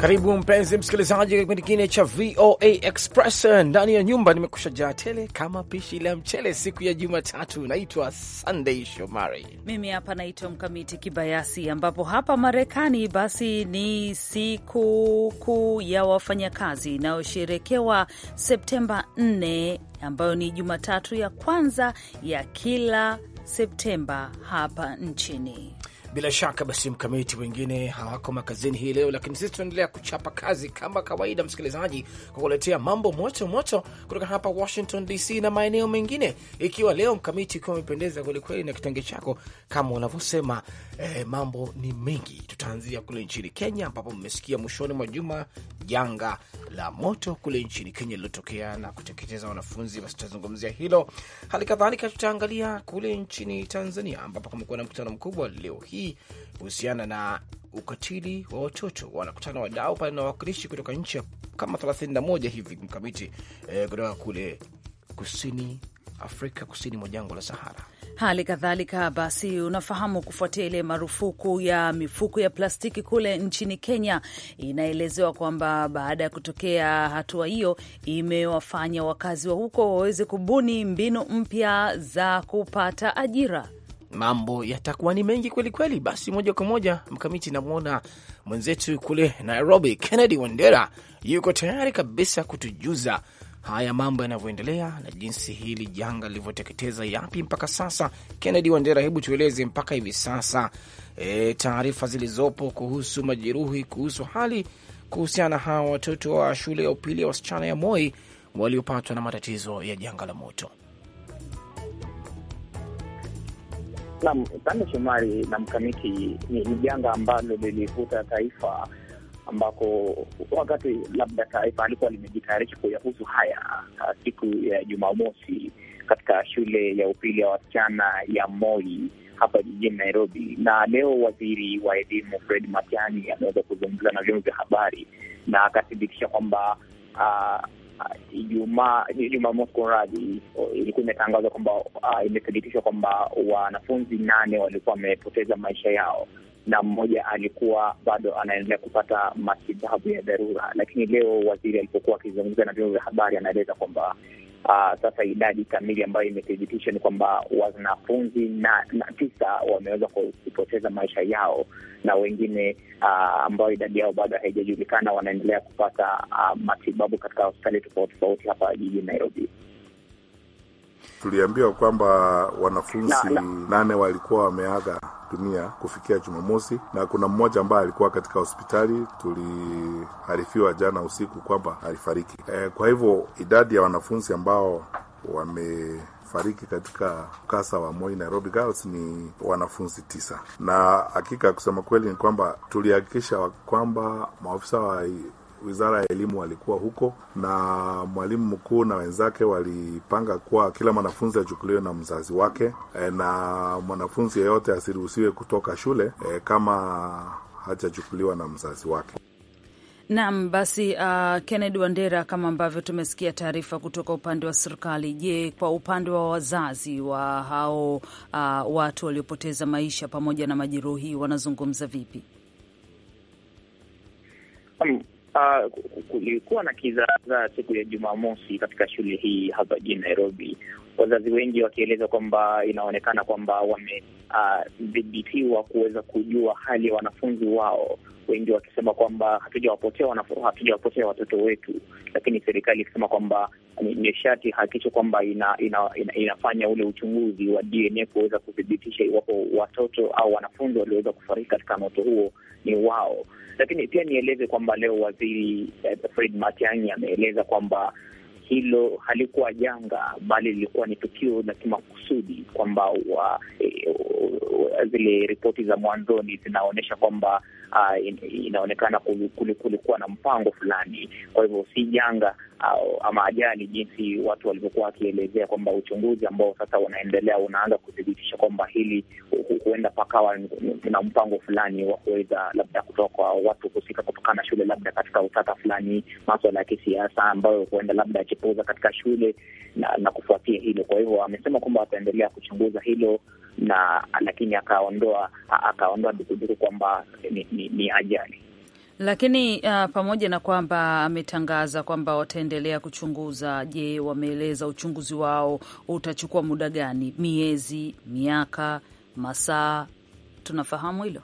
Karibu mpenzi msikilizaji kwa kipindi kingine cha VOA Express. Ndani ya nyumba nimekusha jaa tele kama pishi la mchele siku ya Jumatatu. Naitwa Sunday Shomari, mimi hapa naitwa Mkamiti Kibayasi, ambapo hapa Marekani basi ni siku kuu ya wafanyakazi inayosherekewa Septemba 4 ambayo ni Jumatatu ya kwanza ya kila Septemba hapa nchini. Bila shaka basi, mkamiti wengine hawako makazini hii leo, lakini sisi tunaendelea kuchapa kazi kama kawaida, msikilizaji, kwa kuletea mambo moto moto kutoka hapa Washington DC na maeneo mengine, ikiwa leo mkamiti, ukiwa umependeza kwelikweli na kitenge chako kama unavyosema. Eh, mambo ni mengi. Tutaanzia kule nchini Kenya ambapo mmesikia mwishoni mwa juma janga la moto kule nchini Kenya lilotokea na kuteketeza wanafunzi, basi tutazungumzia hilo. Hali kadhalika tutaangalia kule nchini Tanzania ambapo kumekuwa na mkutano mkubwa leo hii hii kuhusiana na ukatili wa watoto. Wanakutana wadau pale na wawakilishi kutoka nchi kama 31 hivi mkamiti eh, kutoka kule kusini Afrika kusini mwa jangwa la Sahara. Hali kadhalika basi, unafahamu kufuatia ile marufuku ya mifuko ya plastiki kule nchini Kenya, inaelezewa kwamba baada ya kutokea hatua hiyo, imewafanya wakazi wa huko waweze kubuni mbinu mpya za kupata ajira mambo yatakuwa ni mengi kweli kweli. Basi moja kwa moja mkamiti, namwona mwenzetu kule Nairobi, Kennedy Wandera yuko tayari kabisa kutujuza haya mambo yanavyoendelea na jinsi hili janga lilivyoteketeza yapi mpaka sasa. Kennedy Wandera, hebu tueleze mpaka hivi sasa e, taarifa zilizopo kuhusu majeruhi, kuhusu hali kuhusiana na hawa watoto wa shule ya upili ya wasichana ya Moi waliopatwa na matatizo ya janga la moto. Naam, pande Shomari na mkamiti, ni janga ambalo lilivuta taifa ambako wakati labda taifa alikuwa limejitayarisha kuyahusu haya siku ya Jumamosi katika shule ya upili ya wasichana ya Moi hapa jijini Nairobi. Na leo waziri wa elimu Fred Matiang'i ameweza kuzungumza na vyombo vya habari na akathibitisha kwamba uh, Uh, Ijumaa Jumamosi radi ilikuwa imetangazwa kwamba uh, imethibitishwa kwamba wanafunzi nane walikuwa wamepoteza maisha yao na mmoja alikuwa bado anaendelea kupata matibabu ya dharura. Lakini leo waziri alipokuwa akizungumza na vyombo vya habari, anaeleza kwamba Uh, sasa idadi kamili ambayo imethibitishwa ni kwamba wanafunzi na, na tisa wameweza kupoteza maisha yao na wengine uh, ambao idadi yao bado haijajulikana wanaendelea kupata uh, matibabu katika hospitali tofauti tofauti hapa jijini Nairobi. Tuliambiwa kwamba wanafunzi na, na, nane walikuwa wameaga dunia kufikia Jumamosi, na kuna mmoja ambaye alikuwa katika hospitali, tuliharifiwa jana usiku kwamba alifariki. E, kwa hivyo idadi ya wanafunzi ambao wame fariki katika mkasa wa Moi Nairobi Girls ni wanafunzi tisa, na hakika kusema kweli ni kwamba tulihakikisha kwamba maafisa wa wizara ya elimu walikuwa huko na mwalimu mkuu na wenzake walipanga kuwa kila mwanafunzi achukuliwe na mzazi wake e, na mwanafunzi yeyote asiruhusiwe kutoka shule e, kama hajachukuliwa na mzazi wake. Naam, basi uh, Kennedy Wandera, kama ambavyo tumesikia taarifa kutoka upande wa serikali, je, kwa upande wa wazazi wa hao uh, watu waliopoteza maisha pamoja na majeruhi wanazungumza vipi? Hmm, Uh, kulikuwa na kizaza siku ya Jumamosi katika shule hii hapa jijini Nairobi, wazazi wengi wakieleza kwamba inaonekana kwamba wamedhibitiwa uh, kuweza kujua hali ya wanafunzi wao, wengi wakisema kwamba hatujawapotea hatujawapotea watoto wetu, lakini serikali ikisema kwamba ni hakikisho kwamba ina, ina, ina, inafanya ule uchunguzi wa DNA kuweza kuthibitisha iwapo watoto au wanafunzi walioweza kufariki katika moto huo ni wao. Lakini pia nieleze kwamba leo waziri eh, Fred Matiang'i ameeleza kwamba hilo halikuwa janga, bali lilikuwa ni tukio la kimakusudi makusudi kwamba e, zile ripoti za mwanzoni zinaonyesha kwamba uh, inaonekana kulikuwa na mpango fulani. Kwa hivyo si janga uh, ama ajali jinsi watu walivyokuwa wakielezea kwamba uchunguzi ambao sasa unaendelea unaanza kuthibitisha kwamba hili huenda pakawa na mpango fulani wa kuweza labda kutoka kwa watu husika kutokana na shule labda katika utata fulani, maswala ya kisiasa ambayo huenda labda yakipuuza katika shule na, na kufuatia hilo. Kwa hivyo amesema kwamba wataendelea kuchunguza hilo na lakini akaondoa akaondoa dukuduku kwamba ni, ni, ni ajali lakini uh, pamoja na kwamba ametangaza kwamba wataendelea kuchunguza, je, wameeleza uchunguzi wao utachukua muda gani? Miezi, miaka, masaa? Tunafahamu hilo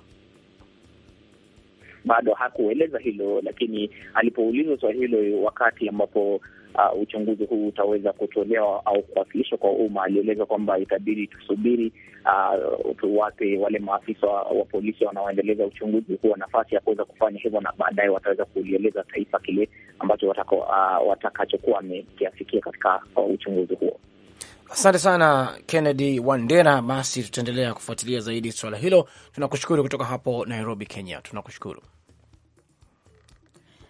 bado hakueleza hilo, lakini alipoulizwa swali hilo wakati ambapo uh, uchunguzi huu utaweza kutolewa au kuwasilishwa kwa umma. Alieleza kwamba itabidi tusubiri uh, tuwape wale maafisa wa polisi wanaoendeleza uchunguzi huwa nafasi ya kuweza kufanya hivyo, na baadaye wataweza kulieleza taifa kile ambacho uh, watakachokuwa wamekiafikia katika uh, uchunguzi huo. Asante sana Kennedy Wandera. Basi tutaendelea kufuatilia zaidi swala hilo. Tunakushukuru kutoka hapo Nairobi, Kenya. Tunakushukuru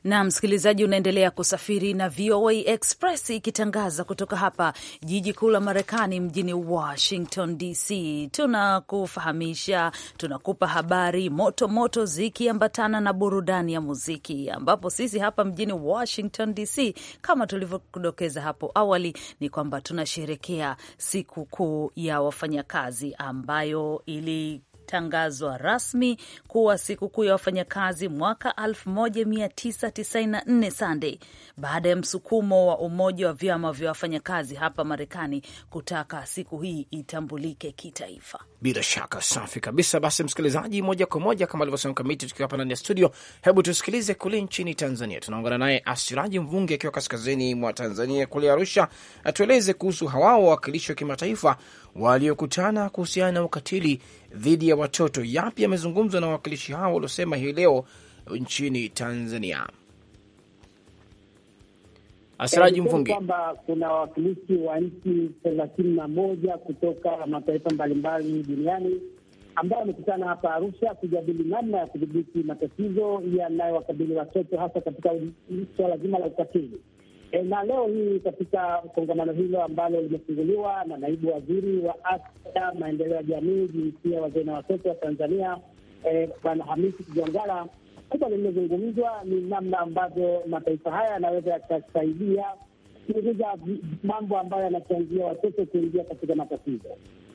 na msikilizaji, unaendelea kusafiri na VOA Express ikitangaza kutoka hapa jiji kuu la Marekani, mjini Washington DC. Tunakufahamisha, tunakupa habari moto moto zikiambatana na burudani ya muziki, ambapo sisi hapa mjini Washington DC, kama tulivyokudokeza hapo awali, ni kwamba tunasherekea siku kuu ya wafanyakazi ambayo ili tangazwa rasmi kuwa sikukuu ya wafanyakazi mwaka 1994 Sunday, baada ya msukumo wa umoja wa vyama vya wafanyakazi hapa Marekani kutaka siku hii itambulike kitaifa. Bila shaka, safi kabisa. Basi msikilizaji, moja kwa moja kama alivyosema Kamiti, tukiwa hapa ndani ya studio, hebu tusikilize kule nchini Tanzania. Tunaungana naye Asiraji Mvungi akiwa kaskazini mwa Tanzania kule Arusha, atueleze kuhusu hawao wawakilishi wa kimataifa waliokutana kuhusiana na ukatili dhidi ya watoto. Yapi yamezungumzwa na wawakilishi hao waliosema hii leo nchini Tanzania? Asiraji Mfungi, kwamba kuna wawakilishi wa nchi thelathini na moja kutoka mataifa mbalimbali duniani ambao wamekutana hapa Arusha kujadili namna ya kudhibiti matatizo yanayowakabili watoto hasa katika suala zima la ukatili. E, na leo hii katika kongamano hilo ambalo limefunguliwa na naibu waziri wa afya, maendeleo ya jamii, jinsia, wazee na watoto wa Tanzania e, Bwana Hamisi Kijangala, kubwa limezungumzwa ni namna ambavyo mataifa haya yanaweza yakasaidia kupunguza mambo ambayo yanachangia watoto kuingia katika matatizo,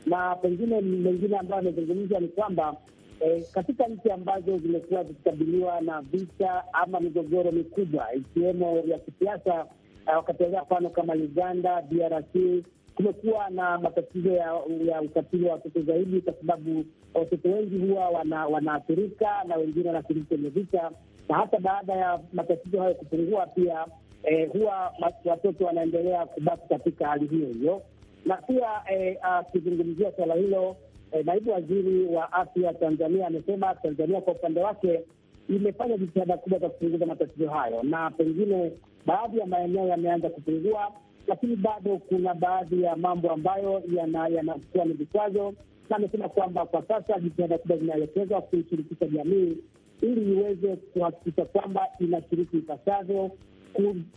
na pengine mengine ambayo amezungumzwa ni kwamba E, katika nchi ambazo zimekuwa zikikabiliwa na vita ama migogoro mikubwa ikiwemo ya kisiasa, Eh, wakatolea mfano kama Uganda, DRC kumekuwa na matatizo ya, ya ukatili wa watoto zaidi, kwa sababu watoto wengi huwa wanaathirika wana na wengine wanashiriki kwenye vita, na hata baada ya matatizo hayo kupungua pia eh, huwa watoto wanaendelea kubaki katika hali hiyo hiyo. Na pia eh, akizungumzia eh, suala hilo eh, naibu waziri wa afya Tanzania amesema Tanzania kwa upande wake imefanya jitihada kubwa za kupunguza matatizo hayo, na pengine baadhi ya maeneo yameanza kupungua, lakini bado kuna baadhi ya mambo ambayo yanakuwa ni vikwazo, na amesema kwamba kwa sasa jitihada kubwa zinaelekezwa kuishirikisha jamii ili iweze kuhakikisha kwamba inashiriki ipasavyo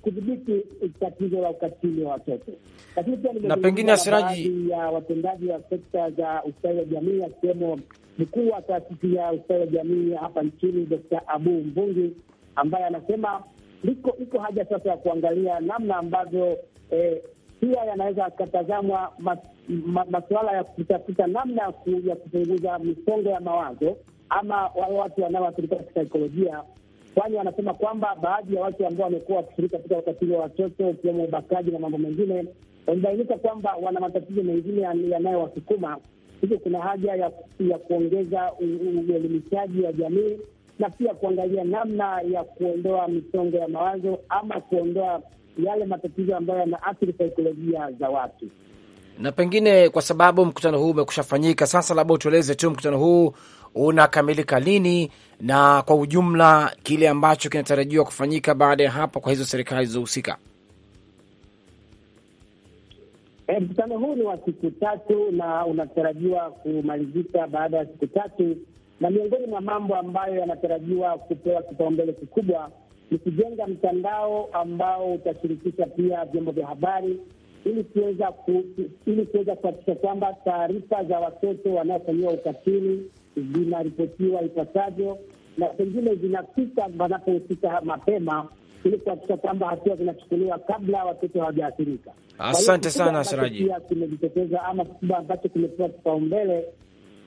kudhibiti tatizo la ukatili wa watoto. Lakini pia na pengine asiraji ya watendaji wa sekta za ustawi wa jamii akiwemo mkuu wa taasisi ya ustawi wa jamii hapa nchini dk Abu Mvungi, ambaye anasema liko iko haja sasa ya kuangalia namna ambavyo eh, pia yanaweza akatazamwa masuala ya kutafuta namna ya kupunguza misongo ya mawazo ama wale watu wanaoathirika kisaikolojia, kwani wanasema kwamba baadhi ya watu ambao wamekuwa wakishirika katika ukatili wa watoto ukiwemo ubakaji na mambo mengine, wamebainika kwamba wana matatizo mengine yanayowasukuma hivyo kuna haja ya, ya kuongeza uelimishaji wa jamii na pia kuangalia namna ya kuondoa misongo ya mawazo ama kuondoa yale matatizo ambayo yanaathiri saikolojia za watu. Na pengine kwa sababu mkutano huu umekusha fanyika sasa, labda utueleze tu mkutano huu unakamilika lini na kwa ujumla kile ambacho kinatarajiwa kufanyika baada ya hapo kwa hizo serikali zilizohusika. Eh, mkutano huu ni wa siku tatu na unatarajiwa kumalizika baada ya siku tatu, na miongoni mwa mambo ambayo yanatarajiwa kupewa kipaumbele kikubwa ni kujenga mtandao ambao utashirikisha pia vyombo vya habari ili kuweza ili kuweza kuhakikisha kwamba taarifa za watoto wanaofanyiwa ukatili zinaripotiwa ipasavyo na pengine zinafika wanapohusika mapema ili kuhakikisha kwamba hatua zinachukuliwa kabla watoto hawajaathirika. Asante sana Siraji. Kimejitokeza ama kikubwa ambacho kimepewa kipaumbele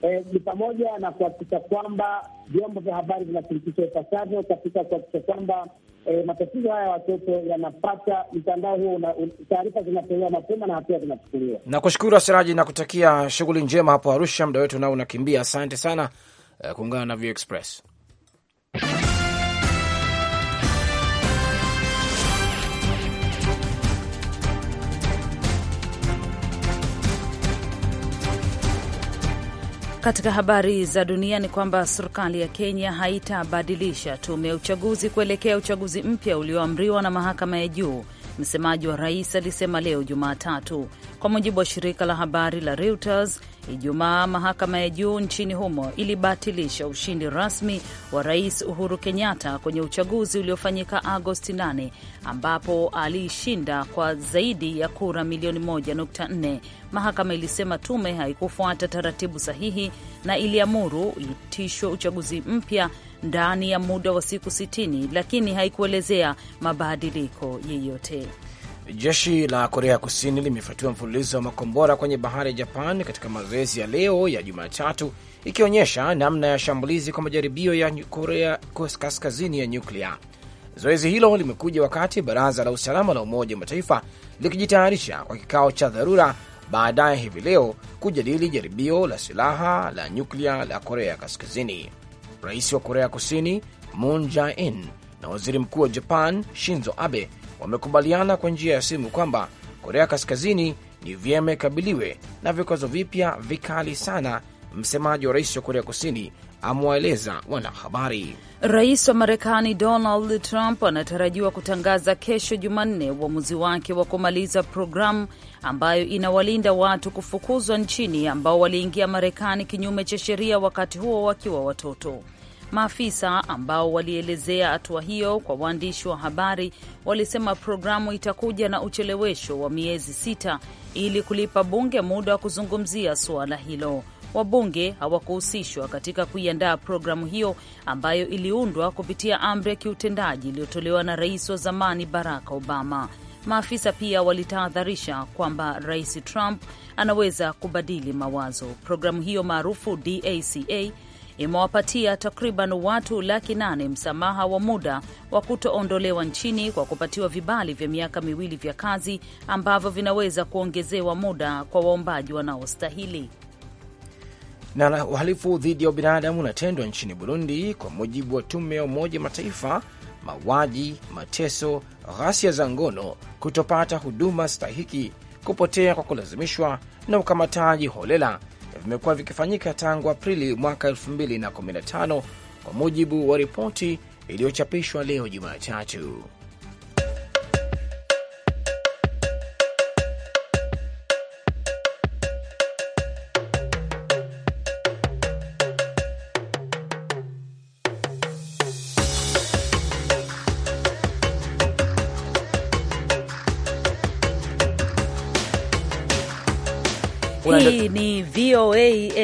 eh, ni pamoja na kuhakikisha kwamba vyombo vya habari vinashirikishwa ipasavyo katika kuhakikisha kwamba eh, matatizo haya ya watoto yanapata mtandao huo, taarifa zinatolewa mapema na hatua zinachukuliwa. Nakushukuru Asiraji na kutakia shughuli njema hapo Arusha. Muda wetu nao unakimbia, asante sana eh, kuungana na View Express. Katika habari za dunia ni kwamba serikali ya Kenya haitabadilisha tume ya uchaguzi kuelekea uchaguzi mpya ulioamriwa na mahakama ya juu, msemaji wa rais alisema leo Jumatatu. Kwa mujibu wa shirika la habari la Reuters, Ijumaa mahakama ya juu nchini humo ilibatilisha ushindi rasmi wa Rais Uhuru Kenyatta kwenye uchaguzi uliofanyika Agosti 8 ambapo aliishinda kwa zaidi ya kura milioni 1.4. Mahakama ilisema tume haikufuata taratibu sahihi na iliamuru uitishwe uchaguzi mpya ndani ya muda wa siku 60, lakini haikuelezea mabadiliko yeyote. Jeshi la Korea Kusini limefyatua mfululizo wa makombora kwenye bahari ya Japan katika mazoezi ya leo ya Jumatatu, ikionyesha namna ya shambulizi kwa majaribio ya Korea Kaskazini ya nyuklia. Zoezi hilo limekuja wakati baraza la usalama la Umoja wa Mataifa likijitayarisha kwa kikao cha dharura baadaye hivi leo kujadili jaribio la silaha la nyuklia la Korea Kaskazini. Rais wa Korea Kusini Moon Jae-in na waziri mkuu wa Japan Shinzo Abe wamekubaliana kwa njia ya simu kwamba Korea Kaskazini ni vyema ikabiliwe na vikwazo vipya vikali sana. Msemaji wa rais wa Korea Kusini amewaeleza wanahabari. Rais wa Marekani Donald Trump anatarajiwa kutangaza kesho Jumanne uamuzi wake wa kumaliza programu ambayo inawalinda watu kufukuzwa nchini ambao waliingia Marekani kinyume cha sheria, wakati huo wakiwa watoto. Maafisa ambao walielezea hatua hiyo kwa waandishi wa habari walisema programu itakuja na uchelewesho wa miezi sita ili kulipa bunge muda wa kuzungumzia suala hilo. Wabunge hawakuhusishwa katika kuiandaa programu hiyo ambayo iliundwa kupitia amri ya kiutendaji iliyotolewa na rais wa zamani Barack Obama. Maafisa pia walitahadharisha kwamba rais Trump anaweza kubadili mawazo. Programu hiyo maarufu DACA imewapatia takriban watu laki nane msamaha wa muda wa kutoondolewa nchini kwa kupatiwa vibali vya miaka miwili vya kazi ambavyo vinaweza kuongezewa muda kwa waombaji wanaostahili. Na uhalifu dhidi ya ubinadamu unatendwa nchini Burundi kwa mujibu wa tume ya Umoja Mataifa, mauaji, mateso, ghasia za ngono, kutopata huduma stahiki, kupotea kwa kulazimishwa na ukamataji holela vimekuwa vikifanyika tangu Aprili mwaka 2015 kwa mujibu wa ripoti iliyochapishwa leo Jumatatu.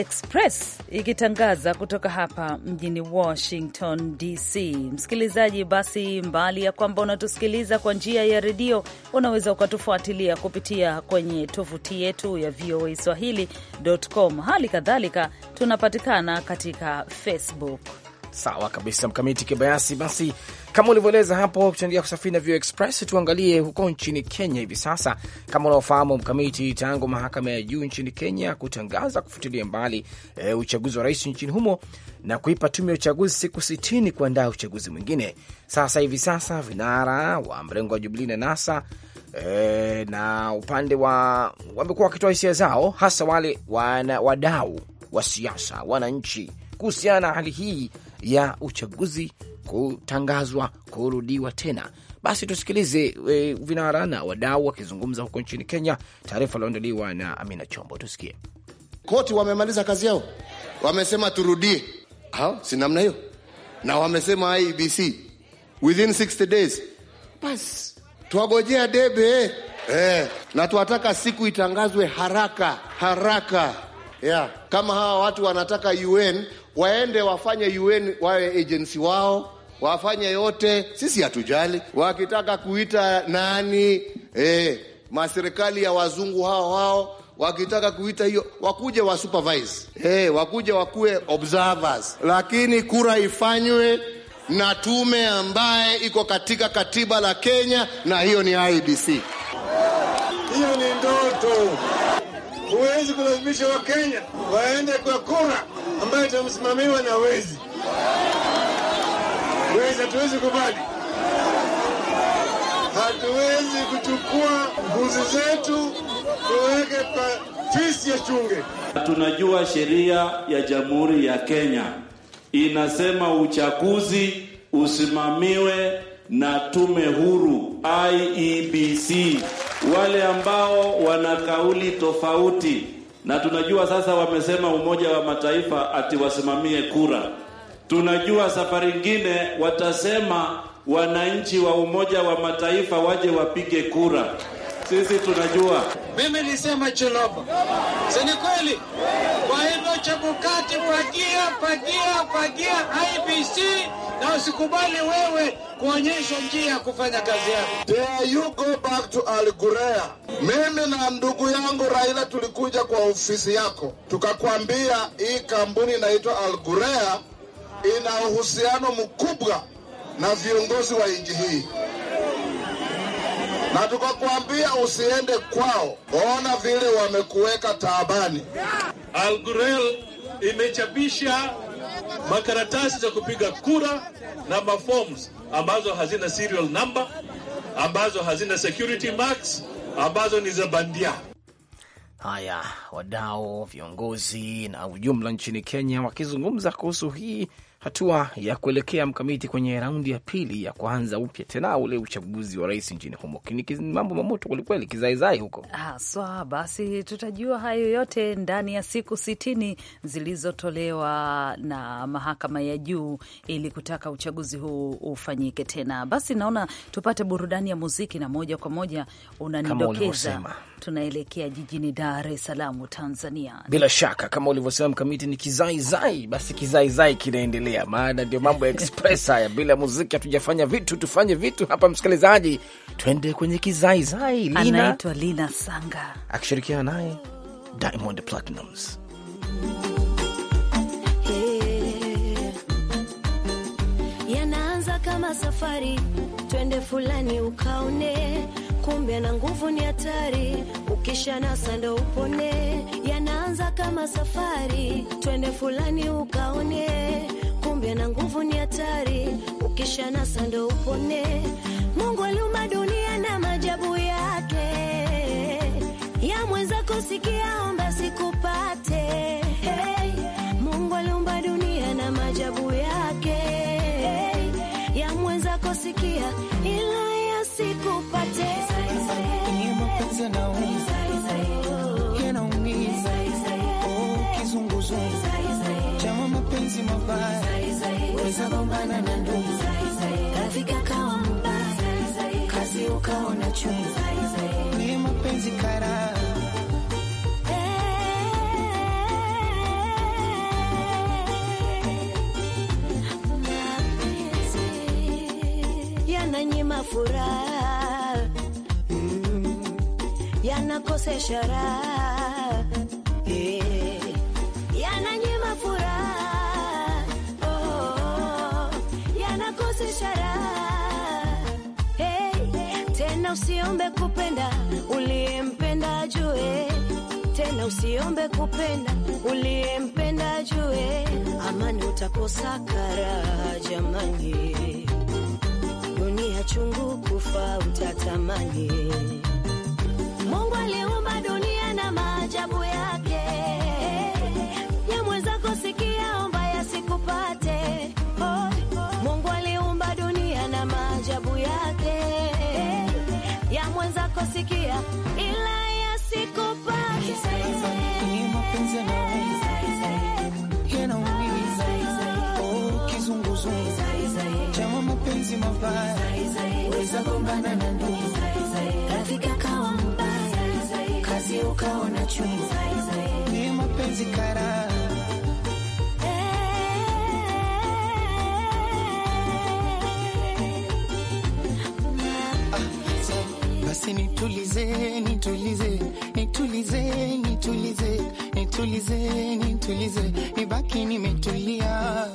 Express ikitangaza kutoka hapa mjini Washington DC. Msikilizaji, basi mbali ya kwamba unatusikiliza kwa njia ya redio, unaweza ukatufuatilia kupitia kwenye tovuti yetu ya VOA Swahili.com. Hali kadhalika tunapatikana katika Facebook. Sawa kabisa, Mkamiti Kibayasi. Basi kama ulivyoeleza hapo, tutaendelea kusafiri na Vio Express. Tuangalie huko nchini Kenya hivi sasa. Kama unaofahamu Mkamiti, tangu mahakama ya juu nchini Kenya kutangaza kufutilia mbali e, uchaguzi wa rais nchini humo na kuipa tume ya uchaguzi siku sitini kuandaa uchaguzi mwingine, sasa hivi sasa vinara wa mrengo wa Jubilii na NASA e, na upande wa wamekuwa wakitoa hisia zao, hasa wale wana, wadau wa siasa, wananchi kuhusiana na hali hii ya uchaguzi kutangazwa kurudiwa tena. Basi tusikilize e, vinara na wadau wakizungumza huko nchini Kenya, taarifa iliyoandaliwa na Amina Chombo. Tusikie. Koti wamemaliza kazi yao, wamesema turudie, si namna hiyo, na wamesema IBC within 60 days. Basi twagojea debe eh, na tuwataka siku itangazwe haraka haraka, yeah. Kama hawa watu wanataka UN waende wafanye UN wawe agency wao wafanye yote, sisi hatujali. Wakitaka kuita nani eh, maserikali ya wazungu hao hao wakitaka kuita hiyo wakuje wa supervise eh, wakuje wakuwe observers, lakini kura ifanywe na tume ambaye iko katika katiba la Kenya, na hiyo ni IBC. Hiyo ni ndoto. Huwezi kulazimisha Wakenya waende kwa kura ambayo itamsimamiwa na wezi. Wewe hatuwezi kubali, hatuwezi kuchukua mbuzi zetu tuweke pa tisi ya chunge. Tunajua sheria ya Jamhuri ya Kenya inasema uchaguzi usimamiwe na tume huru IEBC. Wale ambao wana kauli tofauti, na tunajua sasa wamesema Umoja wa Mataifa ati wasimamie kura Tunajua safari ingine watasema wananchi wa Umoja wa Mataifa waje wapige kura. Sisi tunajua. Mimi nilisema Cholobo, si ni kweli? Kwa hivyo Chebukati, pagia pagia pagia IBC na usikubali wewe kuonyesha njia ya kufanya kazi yako. There you go back to Al Mimi na ndugu yangu Raila tulikuja kwa ofisi yako tukakwambia hii kampuni inaitwa Al ina uhusiano mkubwa na viongozi wa nchi hii, na tukakwambia usiende kwao, ona vile wamekuweka taabani. algurel imechapisha makaratasi za kupiga kura na maforms ambazo hazina serial number, ambazo hazina security marks, ambazo ni za bandia. Haya, wadau, viongozi na ujumla nchini Kenya wakizungumza kuhusu hii hatua ya kuelekea mkamiti kwenye raundi ya pili ya kuanza upya tena ule uchaguzi wa rais nchini humo. Mambo mamoto kwelikweli, kizaizai huko haswa. Basi tutajua hayo yote ndani ya siku sitini zilizotolewa na mahakama ya juu ili kutaka uchaguzi huu ufanyike tena. Basi naona tupate burudani ya muziki, na moja kwa moja unanidokeza tunaelekea jijini Dar es Salaam, Tanzania. Bila shaka kama ulivyosema mkamiti, ni kizaizai, basi kizaizai kinaendelea kuendelea, maana ndio mambo ya express haya. Bila muziki hatujafanya vitu, tufanye vitu hapa. Msikilizaji, twende kwenye kizaizai. anaitwa Lina Sanga akishirikiana naye Diamond Platnumz. Yanaanza kama safari, twende fulani ukaone, kumbe na nguvu ni hatari, ukisha nasa ndo upone. Yanaanza kama safari, twende fulani ukaone kumbe na nguvu ni hatari, ukisha nasa ndo upone. Mungu aliumba dunia na majabu yake, ya mweza kusikia omba sikupate. Hey, Mungu aliumba dunia na yake, kizunguzungu chama mapenzi mabaya Nikagombana na ndugu, kazi ukawa mbaya, kazi ukaona chungu, ni mapenzi kara yananyima furaha, yanakosesha raha usiombe kupenda, uliyempenda jue Tena usiombe kupenda, uliyempenda jue Amani utakosa karaha, jamani, dunia chungu kufa utatamani. Mungu aliumba weza gombana na ndugu, rafika kawa mbaya, kazi ukawa chungu, ni mapenzi kara basi nitulize, nitulize, nitulize, nitulize nitulizeni, nitulize, nibaki nimetulia,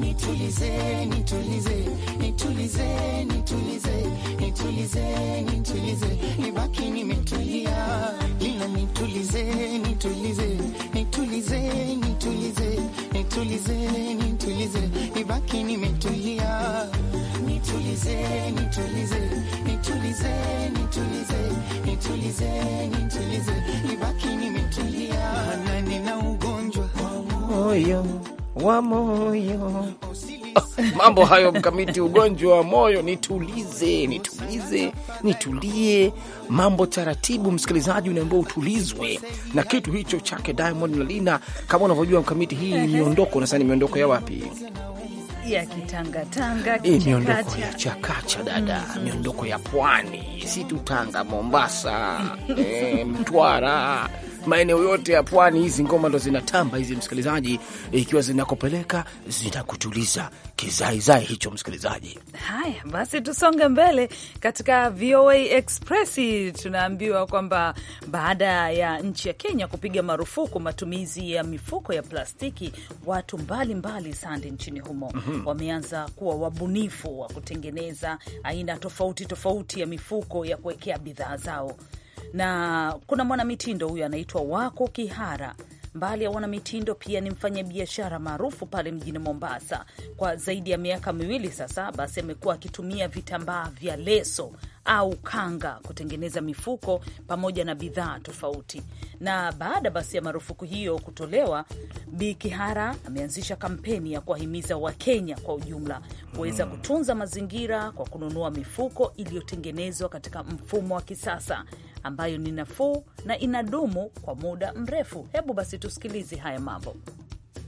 nitulize, nitulize, nitulize, nitulize, nitulize, nitulize, nibaki nimetulia, lila nitulize, nitulize, nitulize, nitulize, nitulize, nitulize, nibaki nimetulia, nitulize, nitulize, nitulize, nitulize, nitulize, nitulize, nibaki moyo wa moyo ah, mambo hayo mkamiti, ugonjwa wa moyo. Nitulize, nitulize, nitulie mambo taratibu. Msikilizaji unaambiwa utulizwe na kitu hicho chake Diamond na Lina. Kama unavyojua mkamiti, hii miondoko. Sasa ni miondoko ya wapi? ya kitangatanga, miondoko ya chakacha dada, mm -hmm. miondoko ya pwani, si tu Tanga, Mombasa, e, Mtwara maeneo yote ya pwani. Hizi ngoma ndo zinatamba hizi, msikilizaji, ikiwa zinakopeleka zinakutuliza kizaizai hicho, msikilizaji. Haya basi, tusonge mbele katika VOA Express. Tunaambiwa kwamba baada ya nchi ya Kenya kupiga marufuku matumizi ya mifuko ya plastiki, watu mbalimbali sande nchini humo mm -hmm. wameanza kuwa wabunifu wa kutengeneza aina tofauti tofauti ya mifuko ya kuwekea bidhaa zao na kuna mwanamitindo huyu anaitwa Wako Kihara. Mbali ya wanamitindo pia ni mfanya biashara maarufu pale mjini Mombasa. Kwa zaidi ya miaka miwili sasa, basi amekuwa akitumia vitambaa vya leso au kanga kutengeneza mifuko pamoja na bidhaa tofauti. Na baada basi ya marufuku hiyo kutolewa, Bi Kihara ameanzisha kampeni ya kuwahimiza Wakenya kwa ujumla kuweza hmm. kutunza mazingira kwa kununua mifuko iliyotengenezwa katika mfumo wa kisasa ambayo ni nafuu na inadumu kwa muda mrefu. Hebu basi tusikilize haya mambo.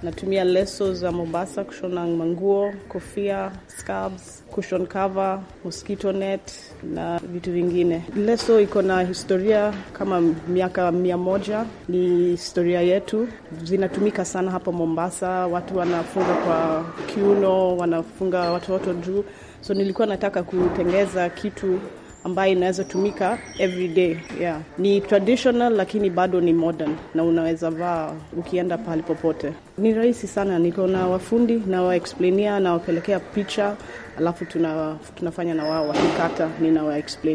Natumia leso za Mombasa kushona manguo, kofia, scarves, cushion cover, mosquito net na vitu vingine. Leso iko na historia kama miaka mia moja, ni historia yetu. Zinatumika sana hapa Mombasa, watu wanafunga kwa kiuno, wanafunga watoto juu. So nilikuwa nataka kutengeza kitu ambayo inaweza tumika everyday yeah. Ni traditional lakini bado ni modern na unaweza vaa ukienda pahali popote. Ni rahisi sana, niko na wafundi na nawapelekea picha alafu tuna, tunafanya na wao wakikata,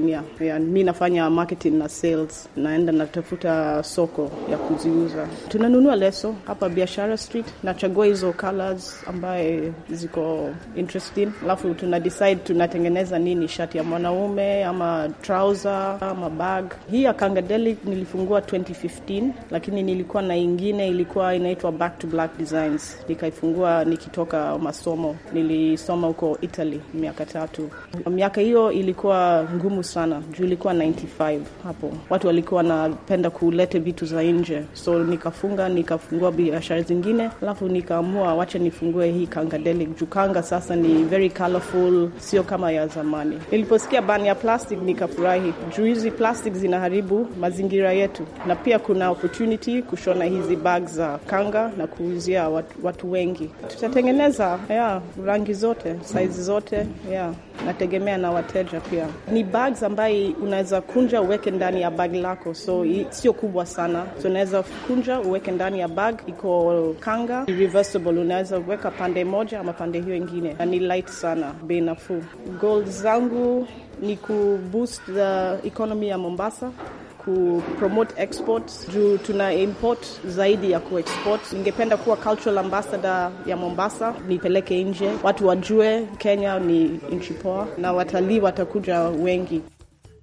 yeah, mi nafanya marketing na sales, naenda natafuta soko ya kuziuza. Tunanunua leso hapa Biashara Street, nachagua hizo colors ambaye ziko interesting, alafu tuna decide tunatengeneza nini, shati ya mwanaume ama trouser ama bag. Hii ya Kangadeli nilifungua 2015 lakini nilikuwa na ingine ilikuwa inaitwa Back to Black Designs, nikaifungua nikitoka masomo, nilisoma huko Italy awali miaka tatu. Miaka hiyo ilikuwa ngumu sana juu ilikuwa 95 hapo, watu walikuwa wanapenda kulete vitu za nje, so nikafunga, nikafungua biashara zingine, alafu nikaamua wacha nifungue hii kanga deli juu kanga sasa ni very colorful, sio kama ya zamani. Niliposikia ban ya plastic nikafurahi juu hizi plastic zinaharibu mazingira yetu, na pia kuna opportunity kushona hizi bag za kanga na kuuzia watu, watu wengi. Tutatengeneza yeah, rangi zote, saizi zote yote yeah. Nategemea na wateja pia. Ni bags ambaye unaweza kunja uweke ndani ya bag lako, so sio kubwa sana, so unaweza kunja uweke ndani ya bag. Iko kanga reversible, unaweza weka pande moja ama pande hiyo ingine, na ni light sana, bei nafuu. Goal zangu ni kuboost the economy ya Mombasa kupromote export juu tuna import zaidi ya kuexport. Ningependa kuwa cultural ambassador ya Mombasa, nipeleke nje watu wajue Kenya ni nchi poa na watalii watakuja wengi.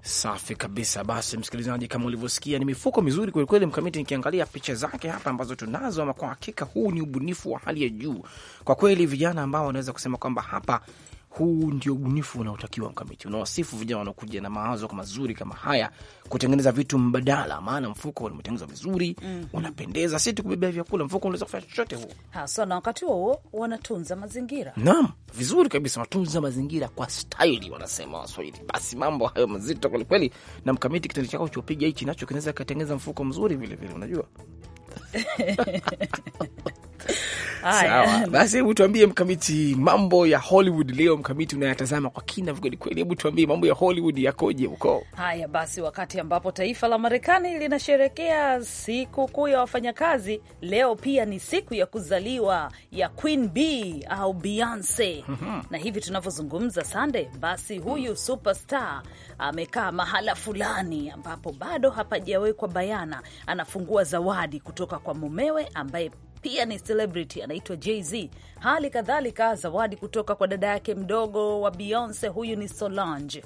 Safi kabisa. Basi msikilizaji, kama ulivyosikia, ni mifuko mizuri kwelikweli. Mkamiti, nikiangalia picha zake hapa ambazo tunazo, ama kwa hakika huu ni ubunifu wa hali ya juu kwa kweli, vijana ambao wanaweza kusema kwamba hapa huu ndio ubunifu unaotakiwa Mkamiti, unawasifu vijana wanaokuja na mawazo mazuri kama haya, kutengeneza vitu mbadala. Maana mfuko umetengenezwa vizuri mm -hmm. unapendeza, si tu kubebea vyakula, mfuko unaweza kufanya chochote huo hasa, na wakati huo wanatunza mazingira. Naam, vizuri kabisa, wanatunza mazingira kwa staili, wanasema Waswahili. Basi mambo hayo mazito kwelikweli. Na Mkamiti, kitendo chako chopiga hichi nacho kinaweza kikatengeneza mfuko mzuri vilevile, unajua Sawa basi, hebu tuambie Mkamiti, mambo ya Hollywood leo. Mkamiti unayatazama kwa kina kwelikweli, hebu tuambie mambo ya Hollywood yakoje huko? Haya basi, wakati ambapo taifa la Marekani linasherekea siku kuu ya wafanyakazi, leo pia ni siku ya kuzaliwa ya Queen B au Beyonce. mm -hmm. na hivi tunavyozungumza Sande, basi huyu mm. superstar amekaa mahala fulani ambapo bado hapajawekwa bayana, anafungua zawadi kutoka kwa mumewe ambaye pia ni celebrity anaitwa Jay-Z. Hali kadhalika zawadi kutoka kwa dada yake mdogo wa Beyonce, huyu ni Solange.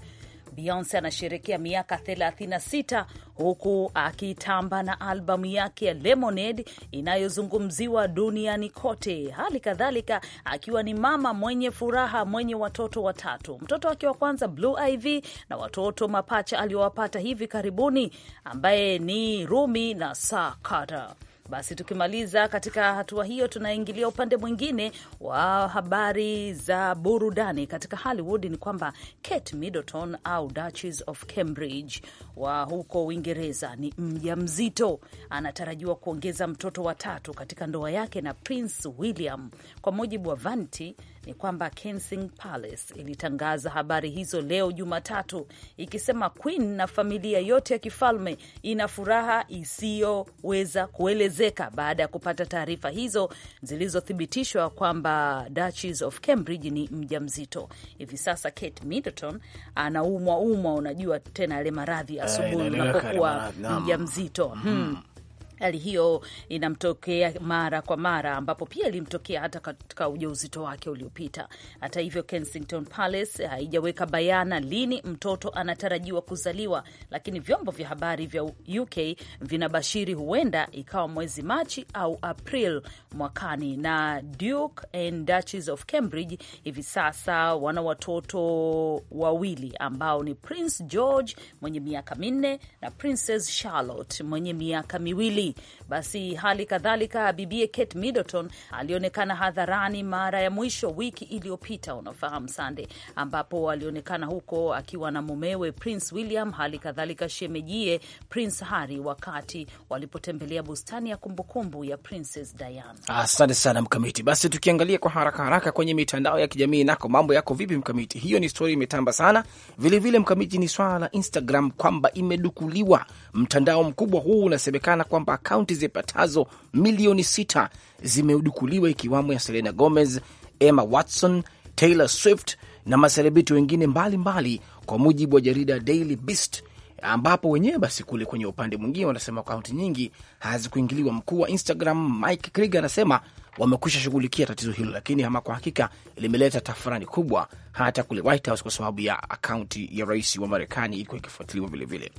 Beyonce anasherekea miaka 36 huku akitamba na albamu yake ya Lemonade inayozungumziwa duniani kote. Hali kadhalika akiwa ni mama mwenye furaha, mwenye watoto watatu, mtoto wake wa kwanza Blue Ivy na watoto mapacha aliyowapata hivi karibuni ambaye ni Rumi na sa Carter. Basi tukimaliza katika hatua hiyo, tunaingilia upande mwingine wa habari za burudani. Katika Hollywood ni kwamba Kate Middleton au Duchess of Cambridge wa huko Uingereza ni mja mzito anatarajiwa kuongeza mtoto watatu katika ndoa yake na Prince William kwa mujibu wa Vanity ni kwamba Kensington Palace ilitangaza habari hizo leo Jumatatu, ikisema Queen na familia yote ya kifalme ina furaha isiyoweza kuelezeka baada ya kupata taarifa hizo zilizothibitishwa kwamba Duchess of Cambridge ni mjamzito. Hivi sasa Kate Middleton anaumwa umwa, unajua tena yale maradhi eh, asubuhi unapokuwa mjamzito. hmm. hmm hali hiyo inamtokea mara kwa mara, ambapo pia ilimtokea hata katika ujauzito wake uliopita. Hata hivyo, Kensington Palace haijaweka bayana lini mtoto anatarajiwa kuzaliwa, lakini vyombo vya habari vya UK vinabashiri huenda ikawa mwezi Machi au April mwakani. Na Duke and Duchess of Cambridge hivi sasa wana watoto wawili ambao ni Prince George mwenye miaka minne na Princess Charlotte mwenye miaka miwili. Basi hali kadhalika, bibie Kate Middleton alionekana hadharani mara ya mwisho wiki iliyopita, unafahamu Sande, ambapo alionekana huko akiwa na mumewe Prince William, hali kadhalika shemejie Prince Harry wakati walipotembelea bustani ya kumbukumbu ya Princess Diana. Asante sana Mkamiti. Basi tukiangalia kwa haraka haraka kwenye mitandao ya kijamii, nako mambo yako vipi Mkamiti? Hiyo ni stori imetamba sana vilevile vile, Mkamiti, ni swala la Instagram kwamba imedukuliwa. Mtandao mkubwa huu unasemekana kwamba kwamba akaunti zipatazo milioni sita zimedukuliwa ikiwamo ya Selena Gomez, Emma Watson, Taylor Swift na maserebiti wengine mbalimbali mbali, kwa mujibu wa jarida Daily Beast, ambapo wenyewe basi kule kwenye upande mwingine wanasema akaunti nyingi hazikuingiliwa. Mkuu wa Instagram Mike Krieger anasema wamekwisha shughulikia tatizo hilo, lakini ama kwa hakika limeleta tafurani kubwa hata kule White House kwa sababu ya akaunti ya rais wa Marekani ilikuwa ikifuatiliwa vilevile.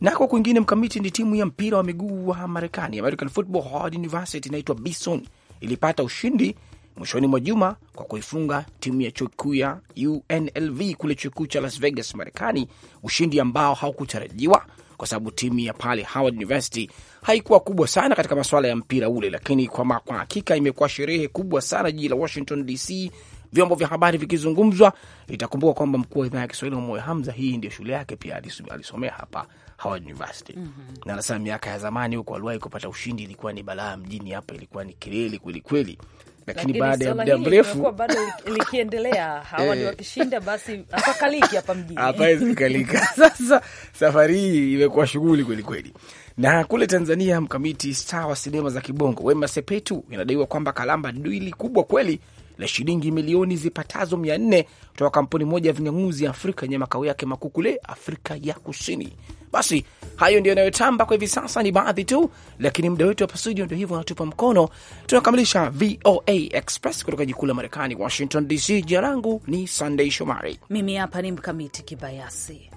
Nako kwingine mkamiti ni timu ya mpira wa miguu wa Marekani, American Football Howard University, inaitwa Bison, ilipata ushindi mwishoni mwa juma kwa kuifunga timu ya chuo kikuu ya UNLV kule chuo kikuu cha Las Vegas, Marekani, ushindi ambao haukutarajiwa kwa sababu timu ya pale Howard University haikuwa kubwa sana katika masuala ya mpira ule, lakini kwa hakika imekuwa sherehe kubwa sana jiji la Washington DC, vyombo vya habari vikizungumzwa. Itakumbuka kwamba mkuu wa idhaa ya Kiswahili Moyo Hamza, hii ndio shule yake pia, alisomea hapa Howard University mm -hmm. na nasema miaka ya zamani huko aliwahi kupata ushindi, ilikuwa ni balaa mjini hapa, ilikuwa ni kelele kwelikweli lakini baada ya muda mrefu bado likiendelea, hawa ni eh. wakishinda, basi hapa mjini, kalika. Sasa safari hii imekuwa shughuli kwelikweli. Na kule Tanzania, mkamiti star wa sinema za kibongo Wema Sepetu inadaiwa kwamba kalamba dwili kubwa kweli la shilingi milioni zipatazo mia nne kutoka kampuni moja ya vinyanguzi ya Afrika yenye makao yake makuu kule Afrika ya Kusini. Basi hayo ndio yanayotamba kwa hivi sasa, ni baadhi tu, lakini muda wetu hapa studio ndio hivyo anatupa mkono. Tunakamilisha VOA Express kutoka jikuu la Marekani, Washington DC. Jina langu ni Sandei Shomari, mimi hapa ni Mkamiti Kibayasi.